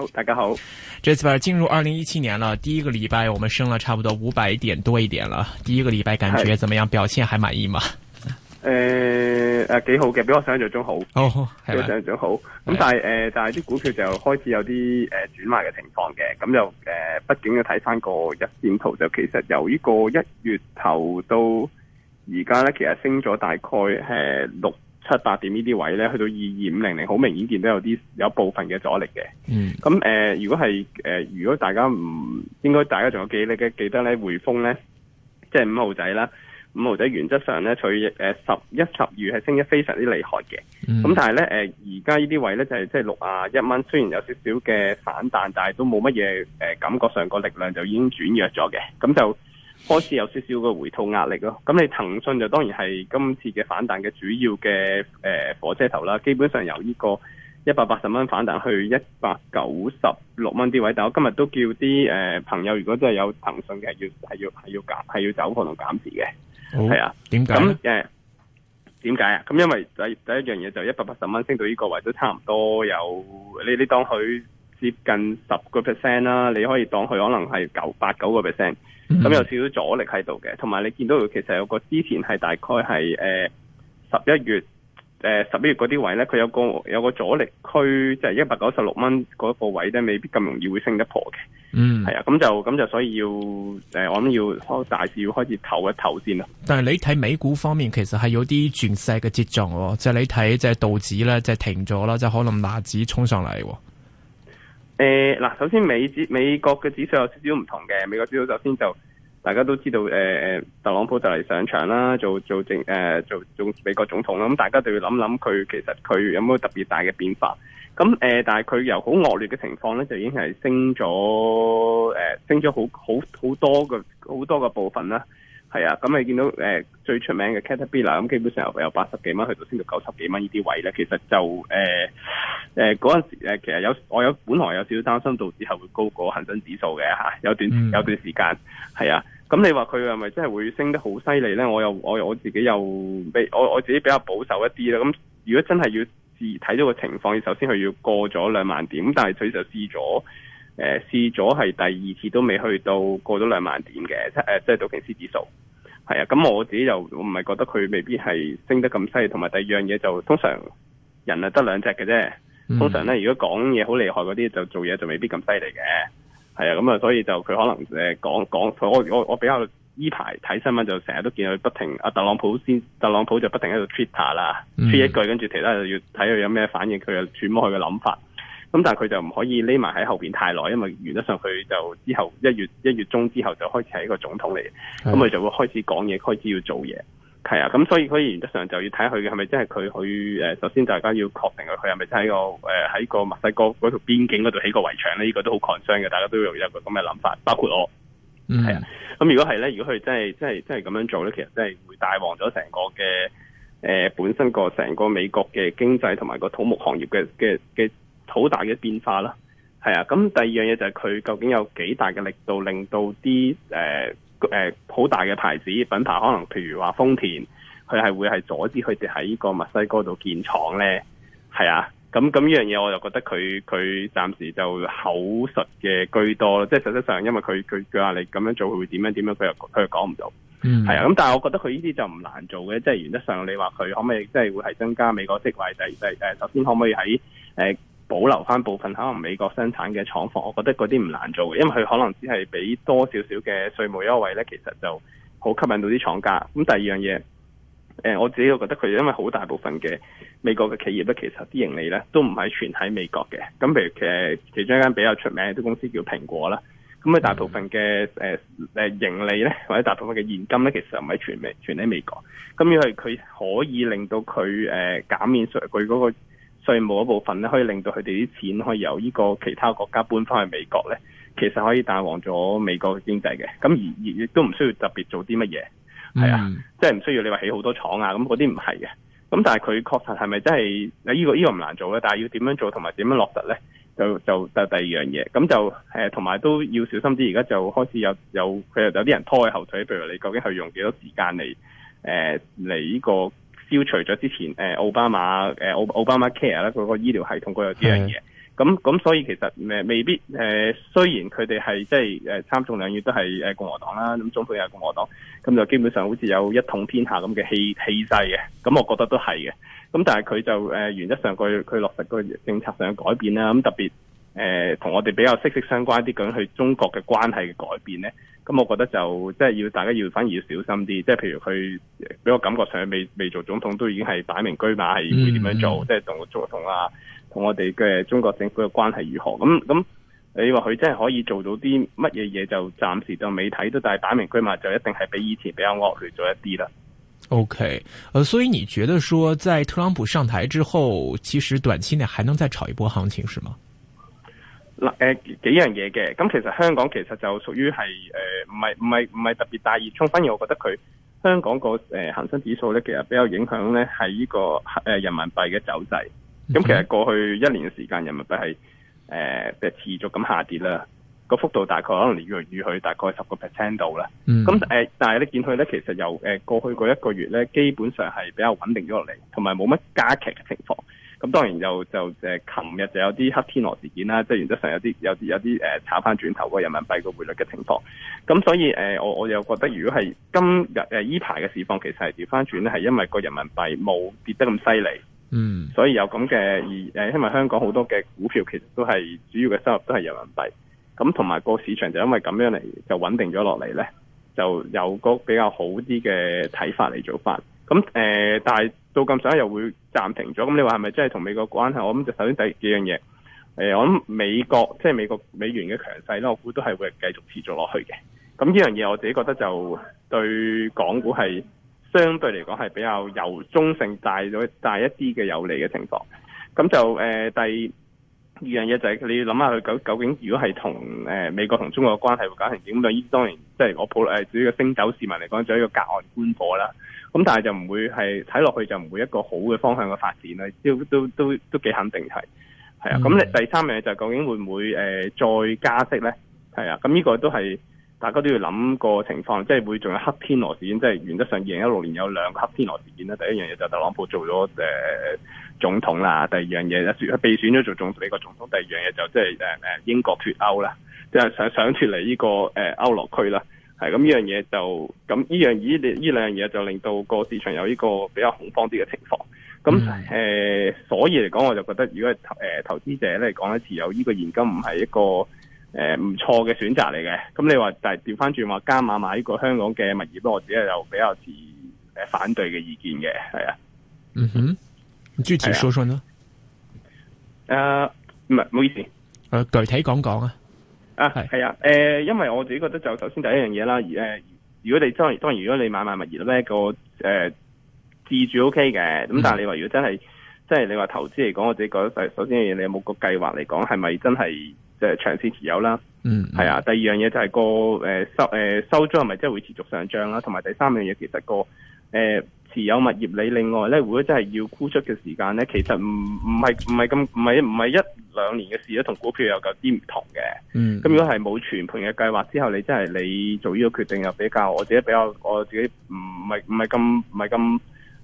好，大家好。這次份進入二零一七年了，第一個禮拜我們升了差不多五百點多一點了。第一個禮拜感覺怎麼樣？是表現還滿意嗎？誒誒幾好嘅，比我想象中好。好、哦啊、比我想象中好。咁但係誒、啊呃，但係啲股票就開始有啲誒、呃、轉賣嘅情況嘅。咁就誒、呃，畢竟要睇翻個日線圖，就其實由呢個一月頭到而家咧，其實升咗大概係六。七八點呢啲位呢，去到二二五零零，好明顯見到有啲有部分嘅阻力嘅。嗯。咁誒、呃，如果係誒、呃，如果大家唔應該，大家仲有記憶力嘅，記得呢，匯豐呢，即係五號仔啦，五號仔原則上呢，取十一十二係升得非常之厲害嘅。咁、嗯、但係呢，而家呢啲位呢，就係即係六啊一蚊，雖然有少少嘅反彈，但係都冇乜嘢感覺上個力量就已經轉弱咗嘅。咁就。開始有少少嘅回吐壓力咯，咁你騰訊就當然係今次嘅反彈嘅主要嘅誒、呃、火車頭啦。基本上由呢個一百八十蚊反彈去一百九十六蚊啲位，但我今日都叫啲誒、呃、朋友，如果真係有騰訊嘅，要係要係要減係要走貨同減持嘅，係好啊，點解？咁誒點解啊？咁因為第第一樣嘢就一百八十蚊升到呢個位都差唔多有，你你當佢接近十個 percent 啦，你可以當佢可能係九八九個 percent。咁、嗯、有少少阻力喺度嘅，同埋你見到佢其實有個之前係大概係誒十一月誒十一月嗰啲位咧，佢有個有個阻力區，即係一百九十六蚊嗰個位咧，未必咁容易會升得破嘅。嗯，係啊，咁就咁就所以要誒，我諗要開大市要開始唞一唞先啦。但係你睇美股方面，其實係有啲轉勢嘅跡象喎，即、就、係、是、你睇即係道指咧，即、就、係、是、停咗啦，即係可能納指衝上嚟喎。誒，嗱、呃，首先美指美國嘅指數有少少唔同嘅，美國指數首先就大家都知道，誒、呃、誒，特朗普就嚟上場啦，做做政誒、呃、做做美國總統啦，咁、嗯、大家就要諗諗佢其實佢有冇特別大嘅變化，咁、嗯、誒、呃，但係佢由好惡劣嘅情況咧，就已經係升咗，誒、呃，升咗好好好多嘅好多嘅部分啦。係啊，咁你見到誒、呃、最出名嘅 Caterpillar 咁，基本上由八十幾蚊去到升到九十幾蚊呢啲位咧，其實就誒誒嗰陣時其實有我有本來有少少擔心，到之後會高過恒生指數嘅嚇，有段有段時間係、嗯、啊。咁你話佢係咪真係會升得好犀利咧？我又我我自己又比我我自己比較保守一啲啦。咁如果真係要睇到個情況，要首先佢要過咗兩萬點，但係佢就試咗。誒試咗係第二次都未去到過咗兩萬點嘅，即係即係道瓊斯指數，係啊。咁我自己又唔係覺得佢未必係升得咁犀利，同埋第二樣嘢就通常人啊得兩隻嘅啫。通常咧，如果講嘢好厲害嗰啲，就做嘢就未必咁犀利嘅。係啊，咁啊，所以就佢可能誒講講，我我我比較呢排睇新聞就成日都見佢不停啊特朗普先，特朗普就不停喺度 Twitter 啦，出、嗯、一句跟住其他就要睇佢有咩反應，佢又揣摩佢嘅諗法。咁但係佢就唔可以匿埋喺後邊太耐，因為原則上佢就之後一月一月中之後就開始係一個總統嚟嘅咁佢的就會開始講嘢，開始要做嘢，係啊，咁所以佢原則上就要睇下佢係咪真係佢去誒，首先大家要確定，佢，佢係咪真係個誒喺個墨西哥嗰條邊境嗰度起個圍牆咧？呢、這個都好 concern 嘅，大家都有一個咁嘅諗法，包括我，係啊、嗯。咁如果係咧，如果佢真係真係真係咁樣做咧，其實真係會帶旺咗成個嘅誒、呃、本身個成個美國嘅經濟同埋個土木行業嘅嘅嘅。好大嘅變化啦，係啊！咁第二樣嘢就係佢究竟有幾大嘅力度，令到啲誒誒好大嘅牌子品牌，可能譬如話豐田，佢係會係阻止佢哋喺呢個墨西哥度建廠咧，係啊！咁咁呢樣嘢，我就覺得佢佢暫時就口述嘅居多咯，即係實際上，因為佢佢佢話你咁樣做，佢會點樣點樣，佢又佢又講唔到，嗯，係啊！咁但係我覺得佢呢啲就唔難做嘅，即係原則上，你話佢可唔可以即係會係增加美國職位，就係誒首先可唔可以喺誒，保留翻部分可能美國生產嘅廠房，我覺得嗰啲唔難做嘅，因為佢可能只係俾多少少嘅稅務優惠咧，其實就好吸引到啲廠家。咁第二樣嘢，誒我自己覺得佢因為好大部分嘅美國嘅企業咧，其實啲盈利咧都唔係全喺美國嘅。咁譬如其中一間比較出名啲公司叫蘋果啦，咁佢大部分嘅盈利咧或者大部分嘅現金咧，其實唔係全美全喺美國。咁因為佢可以令到佢誒減免稅佢嗰個。所以某一部分咧，可以令到佢哋啲錢可以由呢個其他國家搬翻去美國咧，其實可以帶旺咗美國嘅經濟嘅。咁而而亦都唔需要特別做啲乜嘢，係啊、嗯，即係唔需要你話起好多廠啊。咁嗰啲唔係嘅。咁但係佢確實係咪真係？你呢個呢個唔難做嘅，但係要點樣做同埋點樣落實咧，就就就第二樣嘢。咁就誒，同埋都要小心啲。而家就開始有有佢有啲人拖佢後腿，譬如你究竟係用幾多時間嚟誒嚟呢個。消除咗之前誒奧巴馬誒奧奧巴馬 care 咧嗰個醫療系統嗰樣嘢，咁咁的所以其實誒未必誒、呃，雖然佢哋係即係誒參眾兩院都係誒共和黨啦，咁總統又係共和黨，咁就基本上好似有一統天下咁嘅氣氣勢嘅，咁我覺得都係嘅，咁但係佢就誒、呃、原則上佢佢落實個政策上嘅改變啦，咁特別。誒，同我哋比較息息相關啲咁去中國嘅關係嘅改變呢？咁我覺得就即係要大家要反而要小心啲，即係譬如佢俾我感覺上，未未做總統都已經係擺明居馬係會點樣做，即係同總統啊，同我哋嘅中國政府嘅關係如何？咁咁，你話佢真係可以做到啲乜嘢嘢，就暫時就未睇到，但係擺明居馬就一定係比以前比較惡劣咗一啲啦。OK，所以你覺得說，在特朗普上台之後，其實短期內還能再炒一波行情是嗎？嗱、呃，幾樣嘢嘅，咁其實香港其實就屬於係誒，唔係唔係唔係特別大熱衷。反而我覺得佢香港個誒恆生指數咧，其實比較影響咧係呢個、呃、人民幣嘅走勢。咁其實過去一年嘅時間，人民幣係誒、呃、持續咁下跌啦，個幅度大概可能嚟嚟去去大概十個 percent 度啦。咁、嗯、但係、呃、你見佢咧，其實由誒過去嗰一個月咧，基本上係比較穩定咗落嚟，同埋冇乜加劇嘅情況。咁當然就就誒，琴日就有啲黑天鵝事件啦，即係原則上有啲有啲有啲誒炒翻轉頭個人民幣個匯率嘅情況。咁所以誒，我我又覺得，如果係今日誒依排嘅市況，其實係調翻轉咧，係因為個人民幣冇跌得咁犀利。嗯。所以有咁嘅，誒，因為香港好多嘅股票其實都係主要嘅收入都係人民幣。咁同埋個市場就因為咁樣嚟就穩定咗落嚟咧，就有個比較好啲嘅睇法嚟做法。咁誒、呃，但係。到咁上又會暫停咗，咁你話係咪真係同美國關係？我諗就首先第幾樣嘢，誒、呃，我諗美國即係美國美元嘅強勢咧，我估都係會繼續持續落去嘅。咁呢樣嘢我自己覺得就對港股係相對嚟講係比較由中性大，大咗大一啲嘅有利嘅情況。咁就誒、呃、第二樣嘢就係你要諗下佢究究竟如果係同誒美國同中國嘅關係會搞成點？咁呢當然即係我普誒對於個星斗市民嚟講，就一個隔岸觀火啦。咁但係就唔會係睇落去就唔會一個好嘅方向嘅發展啦，都都都都幾肯定係，係啊。咁、嗯、第三樣嘢就究竟會唔會誒、呃、再加息咧？係啊。咁呢個都係大家都要諗個情況，即係會仲有黑天鵝事件。即係原則上二零一六年有兩個黑天鵝事件啦。第一樣嘢就特朗普做咗誒、呃、總統啦，第二樣嘢咧被選咗做總美國總統。第二樣嘢就即係誒誒英國脫歐啦，即係想想脫離呢個誒歐羅區啦。呃係咁呢樣嘢，就咁呢樣呢呢兩樣嘢，就令到個市場有呢個比較恐慌啲嘅情況。咁誒的、呃，所以嚟講，我就覺得如果係誒投資者嚟講咧，持有呢個現金唔係一個誒唔錯嘅選擇嚟嘅。咁你話，但係調翻轉話加碼買呢個香港嘅物業，我自己又比較持誒反對嘅意見嘅。係啊，嗯哼，具體說說呢？誒、呃，唔係，唔好意思，誒、呃，具體講講啊。啊，係啊，誒、呃，因為我自己覺得就首先第一樣嘢啦，誒、呃，如果你真當然，如果你買買物業咧、那個誒自、呃、住 O K 嘅，咁但係你話如果真係即係你話投資嚟講，我自己覺得就首先你有冇個計劃嚟講，係咪真係即係長線持有啦？嗯，嗯，係啊。第二樣嘢就係個誒、呃、收誒、呃、收租係咪真係會持續上漲啦？同埋第三樣嘢其實個誒。呃持有物業你另外咧，如果真係要沽出嘅時間咧，其實唔唔係唔係咁唔係唔係一兩年嘅事咧，同股票又有啲唔同嘅。嗯。咁如果係冇全盤嘅計劃之後，你真係你做呢個決定又比較我自己比較我自己唔唔係唔係咁唔係咁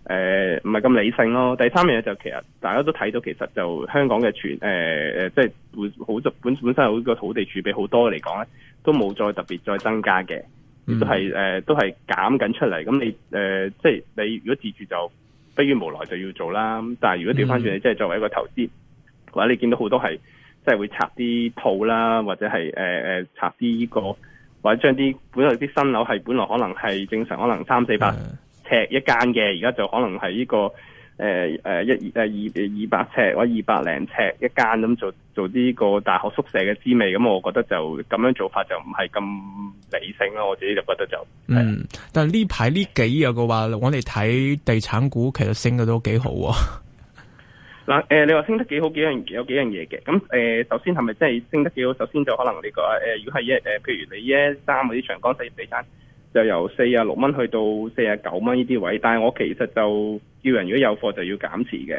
誒唔係咁理性咯。第三樣嘢就其實大家都睇到，其實就香港嘅全誒誒即係會好本本身好個土地儲備好多嚟講咧，都冇再特別再增加嘅。都係誒、呃，都係減緊出嚟。咁你誒、呃，即係你如果自住就迫於無奈就要做啦。咁但係如果調翻轉，你、嗯、即係作為一個投資，或者你見到好多係即係會拆啲鋪啦，或者係誒誒拆啲依、這個，或者將啲本來啲新樓係本來可能係正常可能三四百尺一間嘅，而家就可能係依、這個。誒誒、呃、一二誒二百尺或者二百零尺一間，咁做做呢個大學宿舍嘅滋味咁，我覺得就咁樣做法就唔係咁理性啦。我自己就覺得就嗯，但係呢排呢幾日嘅話，我哋睇地產股其實升得都幾好啊。嗱，誒，你話升得幾好，幾樣有幾樣嘢嘅。咁誒、呃，首先係咪真係升得幾好？首先就可能你個誒、呃，如果係一誒，譬如你一三嗰啲長江四大地產。就由四十六蚊去到四十九蚊呢啲位，但係我其實就叫人如果有貨就要減持嘅，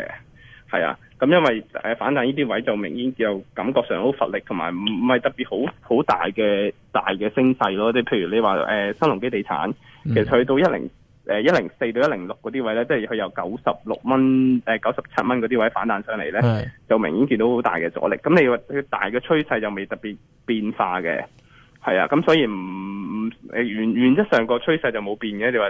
係啊，咁因為反彈呢啲位就明顯有感覺上好乏力，同埋唔係特別好好大嘅大嘅升勢咯。即係譬如你話、呃、新鴻基地產，嗯、其實去到一零誒一零四到一零六嗰啲位咧，即係佢由九十六蚊誒九十七蚊嗰啲位反彈上嚟咧，是的 就明顯見到好大嘅阻力。咁你話佢大嘅趨勢就未特別變化嘅。係啊，咁所以唔，誒，原原則上個趨勢就冇變嘅。你話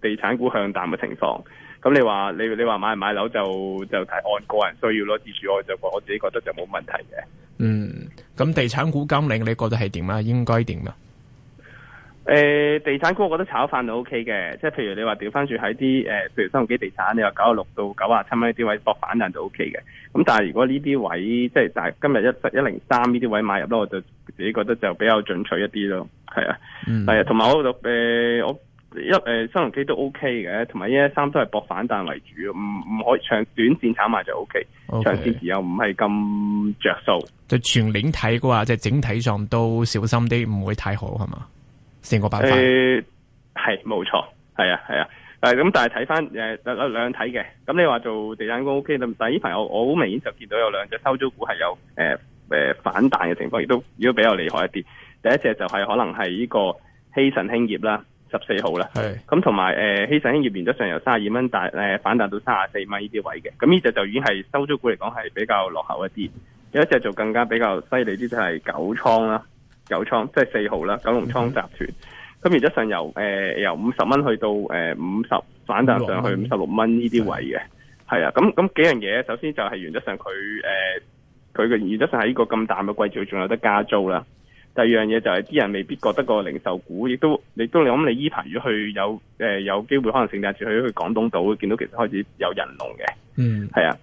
地產股向淡嘅情況，咁你話你你話買唔買樓就就睇按個人需要咯。自住我就覺我自己覺得就冇問題嘅。嗯，咁地產股今年你覺得係點啊？應該點啊？誒，地產股我覺得炒返就 O K 嘅，即係譬如你話掉翻住喺啲誒，譬如新鴻基地產，你話九十六到九十七蚊呢啲位博反彈就 O K 嘅。咁但係如果呢啲位，即係大今日一一零三呢啲位買入咯，我就自己覺得就比較準確一啲咯。係啊，係啊，同埋我誒，我，我龍機、OK、一誒新鴻基都 O K 嘅，同埋一三都係博反彈為主，唔唔可以長短線炒賣，就 O、OK, K，Okay. 長線持有唔係咁着數。就全年睇嘅話，即係整體上都小心啲，唔會太好係嘛？成個板塊誒、呃，係冇錯，係啊，係啊，誒，咁但係睇翻，誒，兩睇嘅，咁你話做地產工 O、OK, K，但係呢排我我好明顯就見到有兩隻收租股係有，誒，誒，反彈嘅情況，亦都如果比較厲害一啲，第一隻就係可能係呢個希慎興業啦，十四號啦，係是的，咁同埋誒希慎興業，原則上由三十二蚊，但、呃、誒反彈到三十四蚊呢啲位嘅，咁呢隻就已經係收租股嚟講係比較落後一啲，有一隻就更加比較犀利啲就係九倉啦。九倉即係四號啦，九龍倉集團。咁、mm hmm. 原則上由誒、呃、由五十蚊去到誒五十反彈上去五十六蚊呢啲位嘅，係啊、mm。咁、hmm. 咁的幾樣嘢，首先就係原則上佢誒佢嘅原則上喺呢個咁淡嘅季節仲有得加租啦。第二樣嘢就係啲人未必覺得個零售股，亦都你都諗你，你依排如果去有誒、呃、有機會可能聖誕節去廣東島，見到其實開始有人龍嘅，嗯、mm，係、hmm. 啊。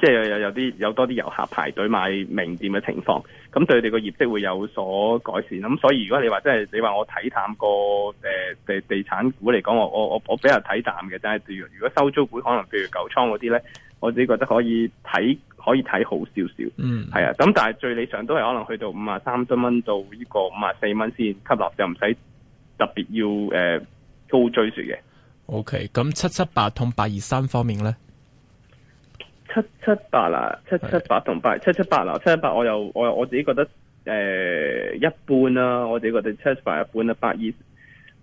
即係有有啲有多啲遊客排隊買名店嘅情況，咁對佢哋個業績會有所改善啦。咁所以如果你話即係你話我睇淡個誒、呃、地地產股嚟講，我我我我比較睇淡嘅。但係如果收租股可能譬如九倉嗰啲呢，我自己覺得可以睇可以睇好少少。嗯，係啊。咁但係最理想都係可能去到五啊三多蚊到呢個五啊四蚊先吸納，就唔使特別要誒、呃、高追住嘅。O K。咁七七八同八二三方面呢？七七八啦，七七八同八七七八啦，七七八,七八,八我又我又我自己覺得誒、呃、一般啦，啊，我自己覺得七七八一般啦，啊，八二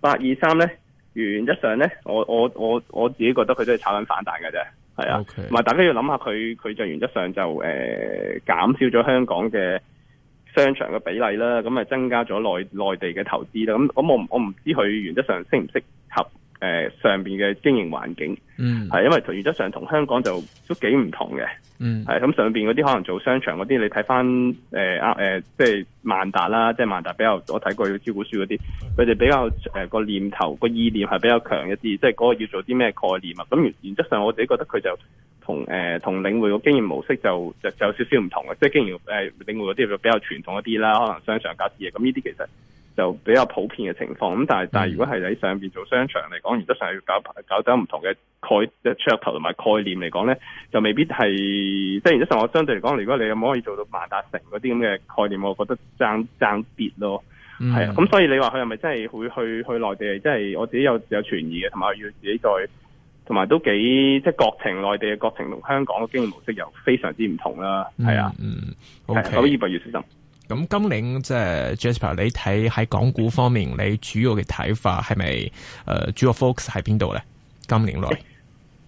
八二三咧原則上咧，我我我我自己覺得佢都係炒緊反彈嘅啫，係啊，同埋 Okay. 大家要諗下佢佢就原則上就誒、呃、減少咗香港嘅商場嘅比例啦，咁咪增加咗內內地嘅投資啦，咁咁我我唔知佢原則上適唔適合？誒、呃、上面嘅經營環境，嗯，係因為原則上同香港就都幾唔同嘅，嗯，係咁，上面嗰啲可能做商場嗰啲，你睇翻誒啊，即係萬達啦，即係萬達比較，我睇過啲招股書嗰啲，佢哋比較誒個、呃、念頭個意念係比較強一啲，即係嗰個要做啲咩概念啊。咁原原則上我自己覺得佢就同誒同領匯嘅經營模式就就，就有少少唔同嘅，即係經營、呃、領匯嗰啲就比較傳統一啲啦，可能商場、傢俬嘅咁呢啲其實。就比較普遍嘅情況，咁但係但係如果係喺上邊做商場嚟講，原則上要搞搞走唔同嘅概噱頭同埋概念嚟講咧，就未必係即係。原則上我相對嚟講，如果你有冇可以做到萬達城嗰啲咁嘅概念，我覺得爭爭別咯，係、嗯、啊。咁、嗯嗯、所以你話佢係咪真係會去去，去內地？即、就、係、是、我自己有有存疑嘅，同埋要自己再同埋都幾即係國情內地嘅國情同香港嘅經營模式又非常之唔同啦。係、嗯、啊，嗯 okay.、啊，好，二伯要小心。咁今年即係 Jasper，你睇喺港股方面，你主要嘅睇法係咪誒主要 focus 喺邊度咧？今年內，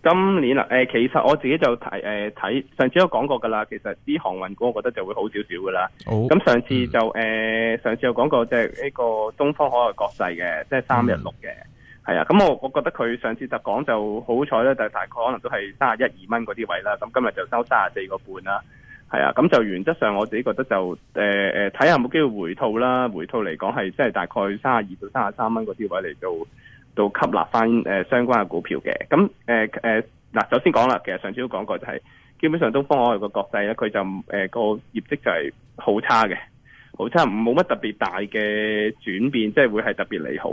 今年啊，誒、呃，其實我自己就睇誒睇上次都講過噶啦，其實啲航運股我覺得就會好少少噶啦。咁、哦、上次就誒、呃嗯、上次有講過即係呢個東方海外國際嘅，即係三一六嘅，係啊、嗯。咁我我覺得佢上次就講就好彩咧，就大概可能都係三十一二蚊嗰啲位啦。咁今日就收三十四個半啦。係啊，咁就原則上，我自己覺得就誒睇下有冇機會回吐啦。回吐嚟講，係即係大概卅二到卅三蚊嗰啲位嚟到到吸納翻、呃、相關嘅股票嘅。咁誒嗱，首先講啦，其實上次都講過、就是，就係基本上東方海外個國際咧，佢就誒個、呃、業績就係好差嘅，好差，冇乜特別大嘅轉變，即、就、係、是、會係特別利好。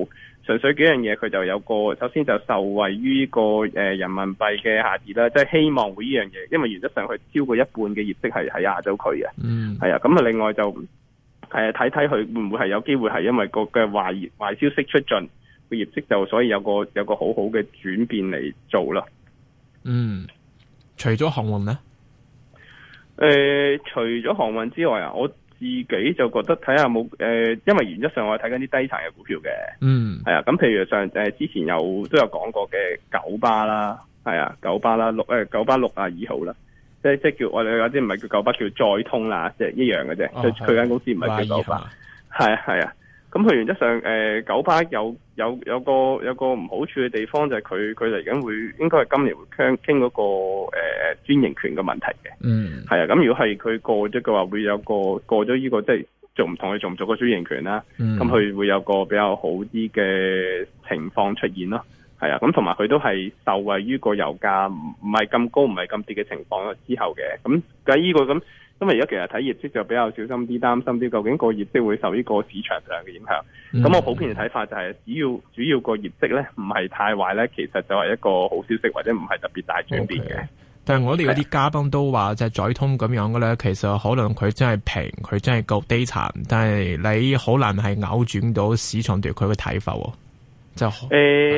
純粹幾樣嘢，佢就有個首先就受惠於、這個誒、呃、人民幣嘅下跌啦，即係希望會呢樣嘢，因為原則上佢超過一半嘅業績係喺亞洲佢嘅，係啊、嗯、咁啊、嗯、另外就係睇睇佢會唔會係有機會係，因為個嘅壞壞消息出盡，個業績就所以有個有個好好嘅轉變嚟做啦。嗯，除咗航運呢，誒、呃、除咗航運之外啊，我。自己就覺得睇下冇誒，因為原則上我睇緊啲低層嘅股票嘅，嗯，係啊，咁譬如上誒之前有都有講過嘅九巴啦，係啊，九巴啦，六誒、呃、九巴六啊二號啦，即即叫我哋有啲唔係叫九巴，叫載通啦，即一樣嘅啫，佢佢間公司唔係叫九巴，係係啊，咁佢、啊啊、原則上誒、呃、九巴有有有個有個唔好處嘅地方就係佢佢嚟緊會應該係今年會傾傾嗰個誒。呃專營權嘅問題嘅，嗯，係啊，咁如果係佢過咗嘅話，會有個過咗呢、這個即係、就是、做唔同佢做唔做個專營權啦，咁佢、嗯、會有一個比較好啲嘅情況出現咯，係啊，咁同埋佢都係受惠於個油價唔唔係咁高，唔係咁跌嘅情況之後嘅，咁咁呢個咁咁啊，而家、這個、其實睇業績就比較小心啲，擔心啲究竟個業績會受呢個市場上嘅影響，咁、嗯、我普遍嘅睇法就係、是，只要主要，主要個業績咧唔係太壞咧，其實就係一個好消息或者唔係特別大轉變嘅。Okay。誒，我哋嗰啲嘉賓都話，即係載通咁樣嘅咧，其實可能佢真係平，佢真係夠低殘，但係你好難係扭轉到市場對佢嘅睇法喎。就誒，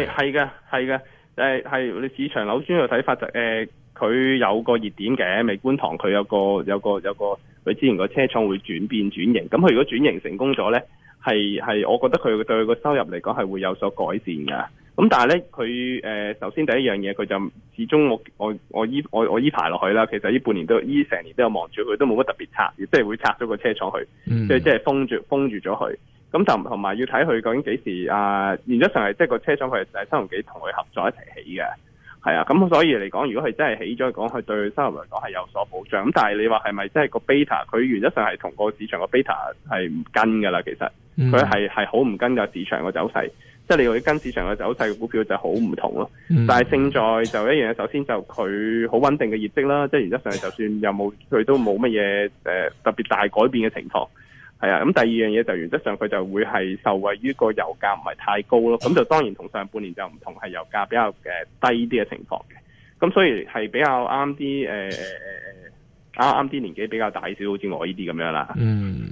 係嘅，係嘅，誒係你市場扭轉嘅睇法就誒、係，佢、呃、有個熱點嘅，咪觀塘佢有個有個有個佢之前個車廠會轉變轉型，咁佢如果轉型成功咗咧，係係，我覺得佢對佢個收入嚟講係會有所改善嘅。咁但係咧，佢誒、呃、首先第一樣嘢，佢就始終我我我依我我依排落去啦。其實呢半年都依成年都有望住佢，都冇乜特別拆，即係會拆咗個車廠去，嗯、所以即係即係封住封住咗佢。咁就唔同埋要睇佢究竟幾時啊？原則上係即係個車廠佢係三菱幾同佢合作一齊起嘅，係啊。咁所以嚟講，如果佢真係起咗，講佢對三菱嚟講係有所保障。咁但係你話係咪即係個 beta 佢原則上係同個市場個 beta 係唔跟㗎啦？其實佢係係好唔跟個市場個走勢。即係你會跟市場嘅走勢嘅股票就好唔同咯，但係勝在就一樣嘅，首先就佢好穩定嘅業績啦。即係原則上，就算有冇佢都冇乜嘢誒特別大改變嘅情況。係啊，咁第二樣嘢就原則上佢就會係受惠於個油價唔係太高咯。咁就當然同上半年就唔同，係油價比較誒低啲嘅情況嘅。咁所以係比較啱啲誒啱啱啲年紀比較大少好似我呢啲咁樣啦。嗯。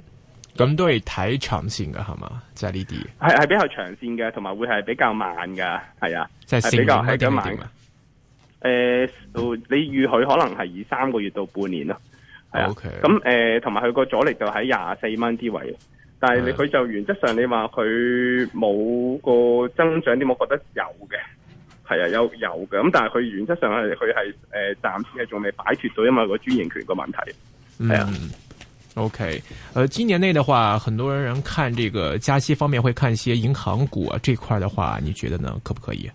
咁都係睇長線噶，係嘛？即係呢啲，係係比較長線嘅，同埋會係比較慢噶，係啊，即係比較係比較慢噶。誒、嗯呃，你預佢可能係以三個月到半年咯，係啊。咁誒、嗯，同埋佢個阻力就喺廿四蚊之位。但係你佢、嗯、就原則上，你話佢冇個增長點，我覺得有嘅，係啊，有有嘅。咁但係佢原則上係佢係誒暫時係仲未擺脫到，因為個專營權個問題，係啊。嗯 OK，誒、呃，今年內的話，很多人人看這個加息方面會看一些銀行股啊，這塊的話，你覺得呢？可不可以？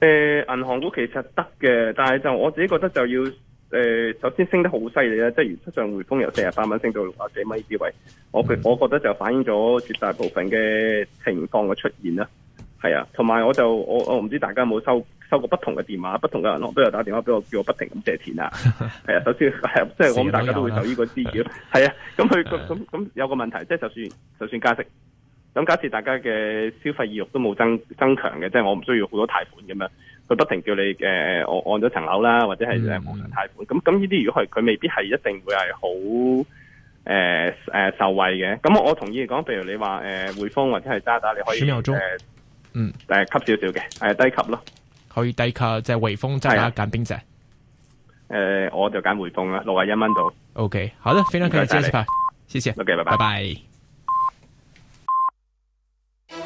誒、呃，銀行股其實得嘅，但係就我自己覺得就要誒、呃，首先升得好犀利啦，即係如七上匯豐由四十八蚊升到六十幾米高位，我佢、嗯、我覺得就反映咗絕大部分嘅情況嘅出現啦，係啊，同埋我就我我唔知大家有冇收。收個不同嘅電話，不同嘅銀行都有打電話俾我，叫我不停咁借錢啦。 人啊，首先即係我諗大家都會受呢個滋擾。係啊，咁佢咁咁有個問題，即係就算就算加息，咁假設大家嘅消費意欲都冇增增強嘅，即係我唔需要好多貸款咁樣，佢不停叫你誒、呃、按按咗層樓啦，或者係誒冇存款。咁咁呢啲如果係佢未必係一定會係好誒受惠嘅。咁我同意講，譬如你話誒、呃、匯豐或者係渣打，你可以十嗯、呃呃、吸少少嘅、呃，低吸咯。可以抵扣即係匯豐即係而家揀邊隻？誒、呃，我就揀匯豐啦，六廿一蚊度。O、okay, K，好的，非常感謝，謝你，謝謝。O K，拜拜。Bye bye。